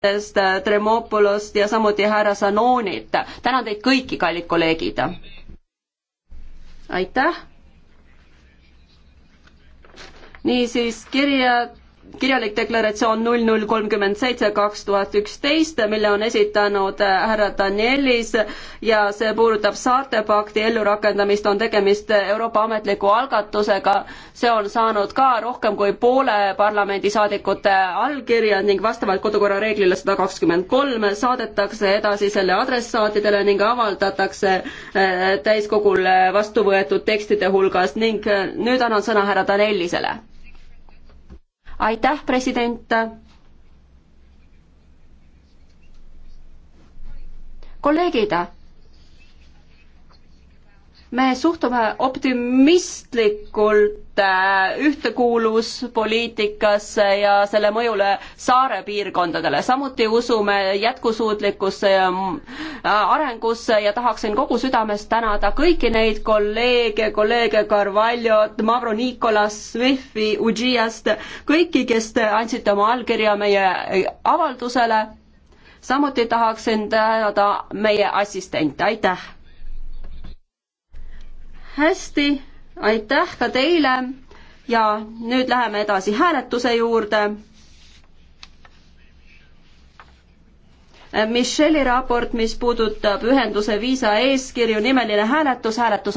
Sest äh, Tremopolost ja samuti härra Sanonit. tänan teid kõiki, kallid kolleegid. aitäh. niisiis kirjad kirjalik deklaratsioon null null kolmkümmend seitse kaks tuhat üksteist, mille on esitanud äh, härra Danielis ja see puudutab saarte pakti ellurakendamist, on tegemist Euroopa ametliku algatusega. see on saanud ka rohkem kui poole parlamendisaadikute allkirjad ning vastavalt kodukorra reeglile sada kakskümmend kolm saadetakse edasi selle adressaatidele ning avaldatakse äh, täiskogul äh, vastu võetud tekstide hulgas ning nüüd annan sõna härra Danielisele aitäh, president. kolleegid, me suhtume optimistlikult Äh, ühtekuuluvuspoliitikasse ja selle mõjule saare piirkondadele. samuti usume jätkusuutlikkusse ja mm, äh, arengusse ja tahaksin kogu südamest tänada kõiki neid kolleege, kolleege Carvaljot, Mavro Nikolas, Swifti, Udžiast, kõiki, kes te andsite oma allkirja meie äh, avaldusele. samuti tahaksin tänada meie assistente, aitäh! hästi aitäh ka teile ja nüüd läheme edasi hääletuse juurde. Michelli raport, mis puudutab ühenduse viisa eeskirju, nimeline hääletus, hääletus on